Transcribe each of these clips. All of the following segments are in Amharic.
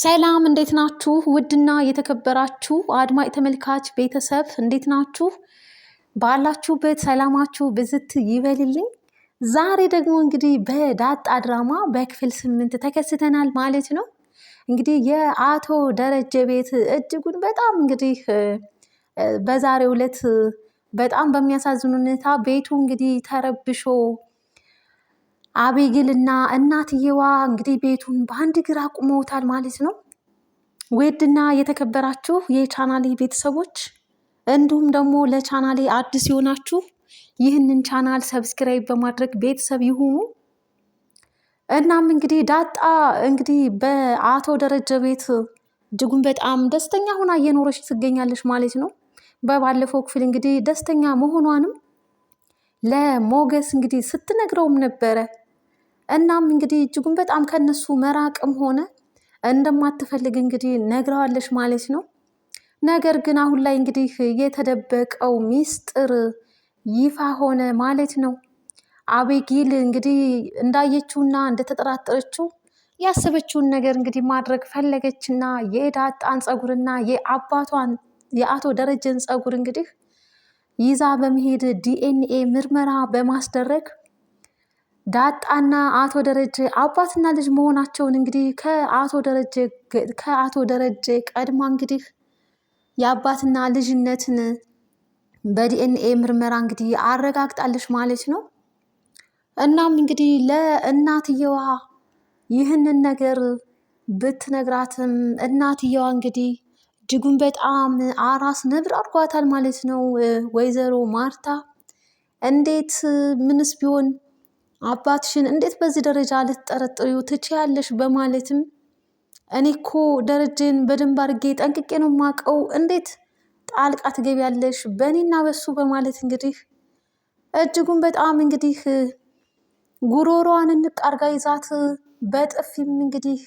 ሰላም እንዴት ናችሁ? ውድና የተከበራችሁ አድማጭ ተመልካች ቤተሰብ እንዴት ናችሁ? ባላችሁበት ሰላማችሁ ብዝት ይበልልኝ። ዛሬ ደግሞ እንግዲህ በዳጣ ድራማ በክፍል ስምንት ተከስተናል ማለት ነው። እንግዲህ የአቶ ደረጀ ቤት እጅጉን በጣም እንግዲህ በዛሬው ዕለት በጣም በሚያሳዝን ሁኔታ ቤቱ እንግዲህ ተረብሾ አቤጊልና እናትየዋ እንግዲህ ቤቱን በአንድ እግር አቁመውታል ማለት ነው። ውድና የተከበራችሁ የቻናሌ ቤተሰቦች እንዲሁም ደግሞ ለቻናሌ አዲስ የሆናችሁ ይህንን ቻናል ሰብስክራይብ በማድረግ ቤተሰብ ይሁኑ። እናም እንግዲህ ዳጣ እንግዲህ በአቶ ደረጀ ቤት እጅጉን በጣም ደስተኛ ሆና እየኖረች ትገኛለች ማለት ነው። በባለፈው ክፍል እንግዲህ ደስተኛ መሆኗንም ለሞገስ እንግዲህ ስትነግረውም ነበረ። እናም እንግዲህ እጅጉን በጣም ከነሱ መራቅም ሆነ እንደማትፈልግ እንግዲህ ነግረዋለች ማለት ነው። ነገር ግን አሁን ላይ እንግዲህ የተደበቀው ሚስጥር ይፋ ሆነ ማለት ነው። አቤጊል እንግዲህ እንዳየችውና እንደተጠራጠረችው ያሰበችውን ነገር እንግዲህ ማድረግ ፈለገችና የዳጣን ፀጉርና የአባቷን የአቶ ደረጀን ፀጉር እንግዲህ ይዛ በመሄድ ዲኤንኤ ምርመራ በማስደረግ ዳጣና አቶ ደረጀ አባትና ልጅ መሆናቸውን እንግዲህ ከአቶ ደረጀ ከአቶ ደረጀ ቀድማ እንግዲህ የአባትና ልጅነትን በዲኤንኤ ምርመራ እንግዲህ አረጋግጣለች ማለት ነው። እናም እንግዲህ ለእናትየዋ ይህንን ነገር ብትነግራትም እናትየዋ እንግዲህ እጅጉን በጣም አራስ ነብር አድርጓታል ማለት ነው። ወይዘሮ ማርታ እንዴት ምንስ ቢሆን አባትሽን እንዴት በዚህ ደረጃ ልትጠረጥሪው ትችያለሽ? በማለትም እኔ እኮ ደረጀን በደንብ አድርጌ ጠንቅቄ ነው የማውቀው፣ እንዴት ጣልቃ ትገቢያለሽ በእኔና በሱ በማለት እንግዲህ እጅጉን በጣም እንግዲህ ጉሮሯን እንቃርጋ ይዛት በጥፊም እንግዲህ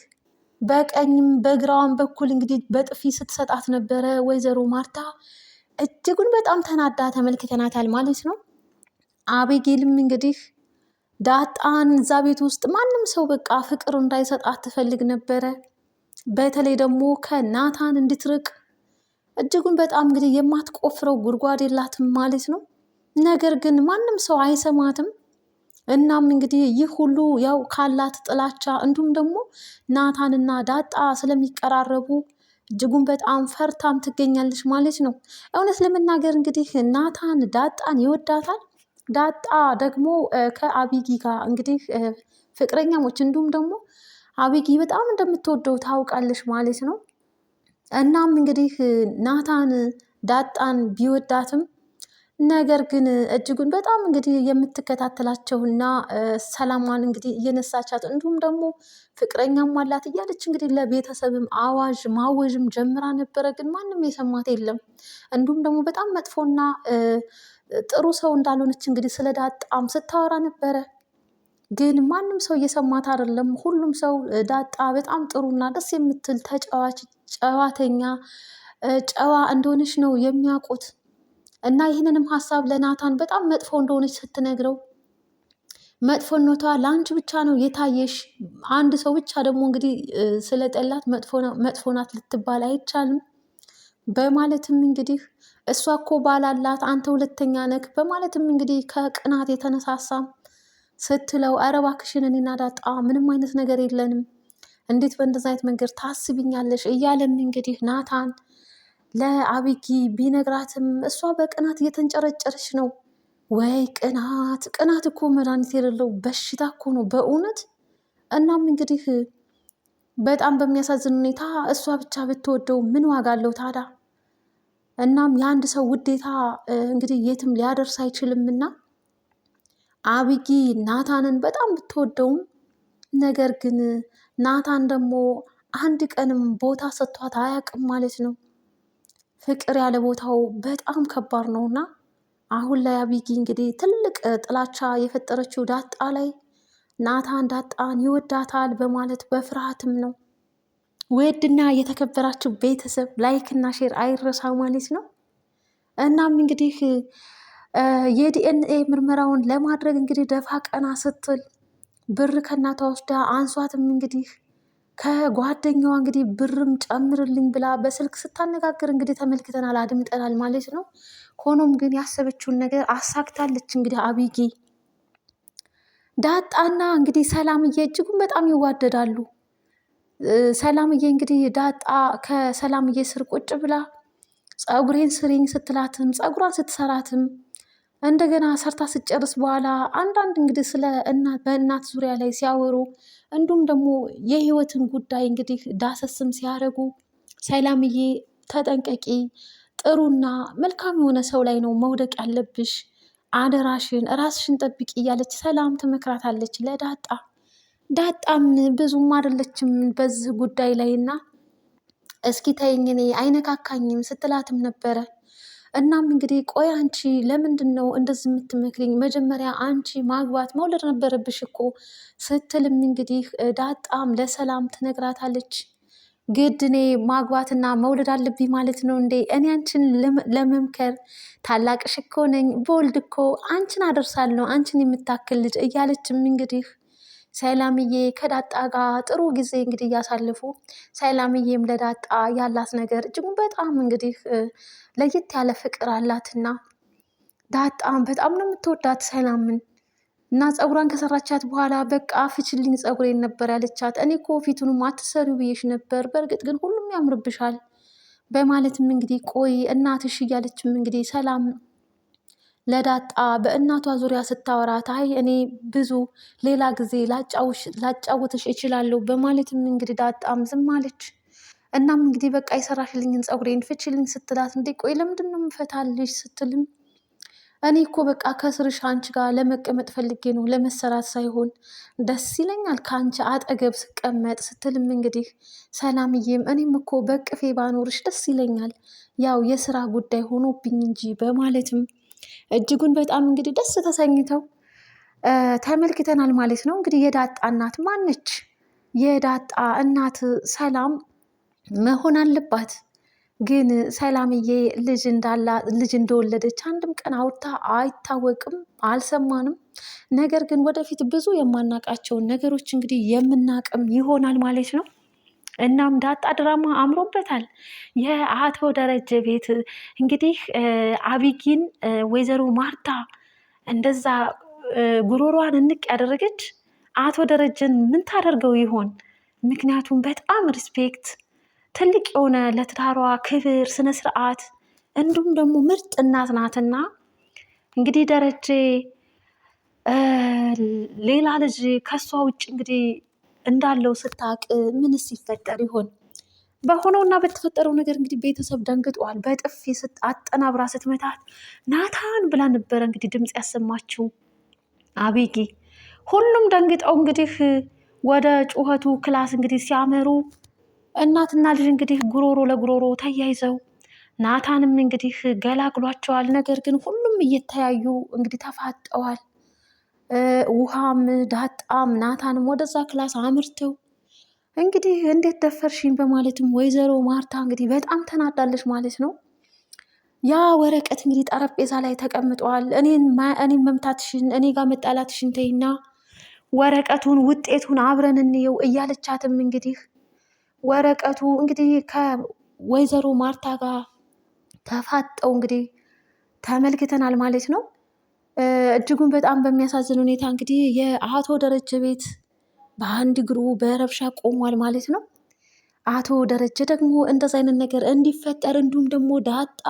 በቀኝም በግራዋን በኩል እንግዲህ በጥፊ ስትሰጣት ነበረ ወይዘሮ ማርታ። እጅጉን በጣም ተናዳ ተመልክተናታል ማለት ነው። አቤጌልም እንግዲህ ዳጣን እዛ ቤት ውስጥ ማንም ሰው በቃ ፍቅር እንዳይሰጣት ትፈልግ ነበረ። በተለይ ደግሞ ከናታን እንድትርቅ እጅጉን በጣም እንግዲህ የማትቆፍረው ጉድጓድ የላትም ማለት ነው። ነገር ግን ማንም ሰው አይሰማትም። እናም እንግዲህ ይህ ሁሉ ያው ካላት ጥላቻ እንዲሁም ደግሞ ናታንና ዳጣ ስለሚቀራረቡ እጅጉን በጣም ፈርታም ትገኛለች ማለት ነው። እውነት ለመናገር እንግዲህ ናታን ዳጣን ይወዳታል። ዳጣ ደግሞ ከአቢጊ ጋር እንግዲህ ፍቅረኛሞች እንዲሁም ደግሞ አቢጊ በጣም እንደምትወደው ታውቃለች ማለት ነው። እናም እንግዲህ ናታን ዳጣን ቢወዳትም ነገር ግን እጅጉን በጣም እንግዲህ የምትከታተላቸውና ሰላሟን እንግዲህ እየነሳቻት እንዲሁም ደግሞ ፍቅረኛም አላት እያለች እንግዲህ ለቤተሰብም አዋዥ ማወዥም ጀምራ ነበረ። ግን ማንም የሰማት የለም። እንዲሁም ደግሞ በጣም መጥፎና ጥሩ ሰው እንዳልሆነች እንግዲህ ስለ ዳጣም ስታወራ ነበረ። ግን ማንም ሰው እየሰማት አይደለም። ሁሉም ሰው ዳጣ በጣም ጥሩና ደስ የምትል ተጫዋች፣ ጨዋተኛ፣ ጨዋ እንደሆነች ነው የሚያውቁት እና ይህንንም ሀሳብ ለናታን በጣም መጥፎ እንደሆነች ስትነግረው መጥፎነቷ ለአንቺ ብቻ ነው የታየሽ። አንድ ሰው ብቻ ደግሞ እንግዲህ ስለጠላት መጥፎናት ልትባል አይቻልም በማለትም እንግዲህ እሷ እኮ ባላላት አንተ ሁለተኛ ነክ በማለትም እንግዲህ ከቅናት የተነሳሳ ስትለው ኧረ እባክሽን እኔና ዳጣ ምንም አይነት ነገር የለንም እንዴት በእንደዛ አይነት መንገድ ታስብኛለሽ? እያለም እንግዲህ ናታን ለአቢጊ ቢነግራትም እሷ በቅናት እየተንጨረጨረች ነው። ወይ ቅናት ቅናት እኮ መድኃኒት የሌለው በሽታ እኮ ነው በእውነት። እናም እንግዲህ በጣም በሚያሳዝን ሁኔታ እሷ ብቻ ብትወደው ምን ዋጋ አለው ታዲያ? እናም የአንድ ሰው ውዴታ እንግዲህ የትም ሊያደርስ አይችልም እና አብጊ ናታንን በጣም ብትወደውም ነገር ግን ናታን ደግሞ አንድ ቀንም ቦታ ሰጥቷት አያውቅም ማለት ነው። ፍቅር ያለ ቦታው በጣም ከባድ ነውና አሁን ላይ አብጊ እንግዲህ ትልቅ ጥላቻ የፈጠረችው ዳጣ ላይ ናታን ዳጣን ይወዳታል በማለት በፍርሃትም ነው ውድና የተከበራችሁ ቤተሰብ ላይክ እና ሼር አይረሳ ማለት ነው። እናም እንግዲህ የዲኤንኤ ምርመራውን ለማድረግ እንግዲህ ደፋ ቀና ስትል ብር ከእናቷ ወስዳ አንሷትም እንግዲህ ከጓደኛዋ እንግዲህ ብርም ጨምርልኝ ብላ በስልክ ስታነጋግር እንግዲህ ተመልክተናል፣ አድምጠናል ማለት ነው። ሆኖም ግን ያሰበችውን ነገር አሳክታለች። እንግዲህ አቢጌ ዳጣና እንግዲህ ሰላምዬ እጅጉን በጣም ይዋደዳሉ። ሰላምዬ እንግዲህ ዳጣ ከሰላምዬ ስር ቁጭ ብላ ፀጉሬን ስሪኝ ስትላትም ፀጉሯን ስትሰራትም እንደገና ሰርታ ስትጨርስ በኋላ አንዳንድ እንግዲህ ስለ በእናት ዙሪያ ላይ ሲያወሩ እንዲሁም ደግሞ የህይወትን ጉዳይ እንግዲህ ዳሰስም ሲያደርጉ ሰላምዬ ተጠንቀቂ፣ ጥሩና መልካም የሆነ ሰው ላይ ነው መውደቅ ያለብሽ፣ አደራሽን ራስሽን ጠብቂ እያለች ሰላም ትመክራታለች ለዳጣ። ዳጣም ብዙም አይደለችም በዚህ ጉዳይ ላይ እና እስኪ ተይኝ እኔ አይነካካኝም ስትላትም ነበረ። እናም እንግዲህ ቆይ አንቺ ለምንድን ነው እንደዚህ የምትመክሪኝ? መጀመሪያ አንቺ ማግባት መውለድ ነበረብሽ እኮ ስትልም እንግዲህ ዳጣም ለሰላም ትነግራታለች። ግድ እኔ ማግባትና መውለድ አለብኝ ማለት ነው እንዴ? እኔ አንቺን ለመምከር ታላቅሽ እኮ ነኝ። በወልድ እኮ አንቺን አደርሳለሁ አንቺን የምታክል ልጅ እያለችም እንግዲህ ሰላምዬ ከዳጣ ጋር ጥሩ ጊዜ እንግዲህ እያሳለፉ ሰላምዬም ለዳጣ ያላት ነገር እጅጉ በጣም እንግዲህ ለየት ያለ ፍቅር አላትና ዳጣም በጣም ነው የምትወዳት ሰላምን እና ፀጉሯን ከሰራቻት በኋላ በቃ ፍችልኝ ፀጉሬን ነበር ያለቻት። እኔ እኮ ፊቱንም አትሰሪው ብዬሽ ነበር፣ በእርግጥ ግን ሁሉም ያምርብሻል በማለትም እንግዲህ ቆይ እናትሽ እያለችም እንግዲህ ሰላም ለዳጣ በእናቷ ዙሪያ ስታወራት አይ እኔ ብዙ ሌላ ጊዜ ላጫውትሽ እችላለሁ በማለትም እንግዲህ ዳጣም ዝም አለች። እናም እንግዲህ በቃ የሰራሽልኝን ፀጉሬን ፍችልኝ ስትላት እንዴ ቆይ ለምንድን ነው የምፈታልሽ ስትልም እኔ እኮ በቃ ከስርሽ አንቺ ጋር ለመቀመጥ ፈልጌ ነው ለመሰራት ሳይሆን ደስ ይለኛል ከአንቺ አጠገብ ስቀመጥ ስትልም እንግዲህ ሰላምዬም እኔም እኮ በቅፌ ባኖርሽ ደስ ይለኛል ያው የስራ ጉዳይ ሆኖብኝ እንጂ በማለትም እጅጉን በጣም እንግዲህ ደስ ተሰኝተው ተመልክተናል ማለት ነው። እንግዲህ የዳጣ እናት ማነች? የዳጣ እናት ሰላም መሆን አለባት። ግን ሰላምዬ ልጅ እንዳላ ልጅ እንደወለደች አንድም ቀን አውርታ አይታወቅም፣ አልሰማንም። ነገር ግን ወደፊት ብዙ የማናቃቸውን ነገሮች እንግዲህ የምናቅም ይሆናል ማለት ነው። እናም ዳጣ ድራማ አምሮበታል። የአቶ ደረጀ ቤት እንግዲህ አቢጊን ወይዘሮ ማርታ እንደዛ ጉሮሯን እንቅ ያደረገች አቶ ደረጀን ምን ታደርገው ይሆን? ምክንያቱም በጣም ሪስፔክት ትልቅ የሆነ ለትዳሯ ክብር፣ ስነ ስርዓት እንዲሁም ደግሞ ምርጥ እናት ናትና እንግዲህ ደረጀ ሌላ ልጅ ከሷ ውጭ እንግዲህ እንዳለው ስታቅ ምንስ ይፈጠር ይሆን? በሆነው እና በተፈጠረው ነገር እንግዲህ ቤተሰብ ደንግጧል። በጥፊ አጠናብራ ስትመታት ናታን ብላ ነበረ እንግዲህ ድምፅ ያሰማችው አቤጊ። ሁሉም ደንግጠው እንግዲህ ወደ ጩኸቱ ክላስ እንግዲህ ሲያመሩ እናትና ልጅ እንግዲህ ጉሮሮ ለጉሮሮ ተያይዘው ናታንም እንግዲህ ገላግሏቸዋል። ነገር ግን ሁሉም እየተያዩ እንግዲህ ተፋጠዋል። ውሃም ዳጣም ናታንም ወደዛ ክላስ አምርተው እንግዲህ እንዴት ደፈርሽኝ በማለትም ወይዘሮ ማርታ እንግዲህ በጣም ተናዳለች ማለት ነው። ያ ወረቀት እንግዲህ ጠረጴዛ ላይ ተቀምጠዋል። እኔን መምታትሽን እኔ ጋር መጣላትሽን ተይና ወረቀቱን ውጤቱን አብረን እንየው እያለቻትም እንግዲህ ወረቀቱ እንግዲህ ከወይዘሮ ማርታ ጋር ተፋጠው እንግዲህ ተመልክተናል ማለት ነው። እጅጉን በጣም በሚያሳዝን ሁኔታ እንግዲህ የአቶ ደረጀ ቤት በአንድ እግሩ በረብሻ ቆሟል ማለት ነው። አቶ ደረጀ ደግሞ እንደዚ አይነት ነገር እንዲፈጠር እንዲሁም ደግሞ ዳጣ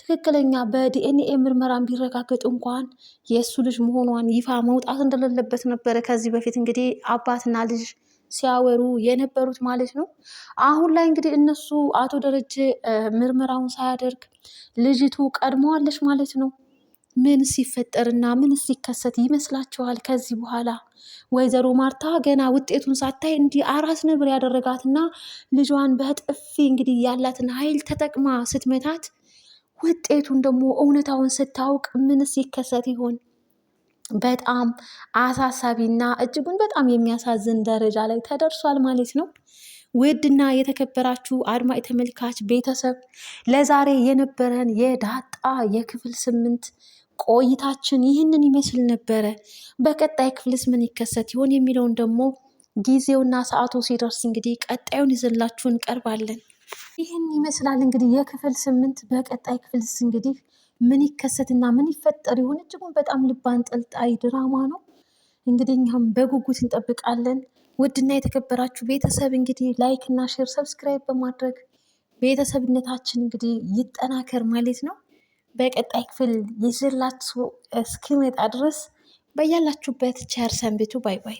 ትክክለኛ በዲኤንኤ ምርመራን ቢረጋገጥ እንኳን የእሱ ልጅ መሆኗን ይፋ መውጣት እንደሌለበት ነበረ ከዚህ በፊት እንግዲህ አባትና ልጅ ሲያወሩ የነበሩት ማለት ነው። አሁን ላይ እንግዲህ እነሱ አቶ ደረጀ ምርመራውን ሳያደርግ ልጅቱ ቀድመዋለች ማለት ነው። ምን ሲፈጠርና ምን ሲከሰት ይመስላችኋል? ከዚህ በኋላ ወይዘሮ ማርታ ገና ውጤቱን ሳታይ እንዲህ አራስ ነብር ያደረጋትና ልጇን በጥፊ እንግዲህ ያላትን ኃይል ተጠቅማ ስትመታት ውጤቱን ደግሞ እውነታውን ስታውቅ ምን ሲከሰት ይሆን? በጣም አሳሳቢና እጅጉን በጣም የሚያሳዝን ደረጃ ላይ ተደርሷል ማለት ነው። ውድና የተከበራችሁ አድማጭ ተመልካች ቤተሰብ ለዛሬ የነበረን የዳጣ የክፍል ስምንት ቆይታችን ይህንን ይመስል ነበረ። በቀጣይ ክፍልስ ምን ይከሰት ይሆን የሚለውን ደግሞ ጊዜውና ሰዓቱ ሲደርስ እንግዲህ ቀጣዩን ይዘላችሁ እንቀርባለን። ይህን ይመስላል እንግዲህ የክፍል ስምንት። በቀጣይ ክፍልስ እንግዲህ ምን ይከሰትና ምን ይፈጠር ይሆን? እጅጉን በጣም ልብ አንጠልጣይ ድራማ ነው። እንግዲህ እኛም በጉጉት እንጠብቃለን። ውድና የተከበራችሁ ቤተሰብ እንግዲህ ላይክ እና ሼር፣ ሰብስክራይብ በማድረግ ቤተሰብነታችን እንግዲህ ይጠናከር ማለት ነው። በቀጣይ ክፍል ይዤላችሁ እስክመጣ ድረስ በያላችሁበት ቸር ሰንብቱ። ባይ ባይ።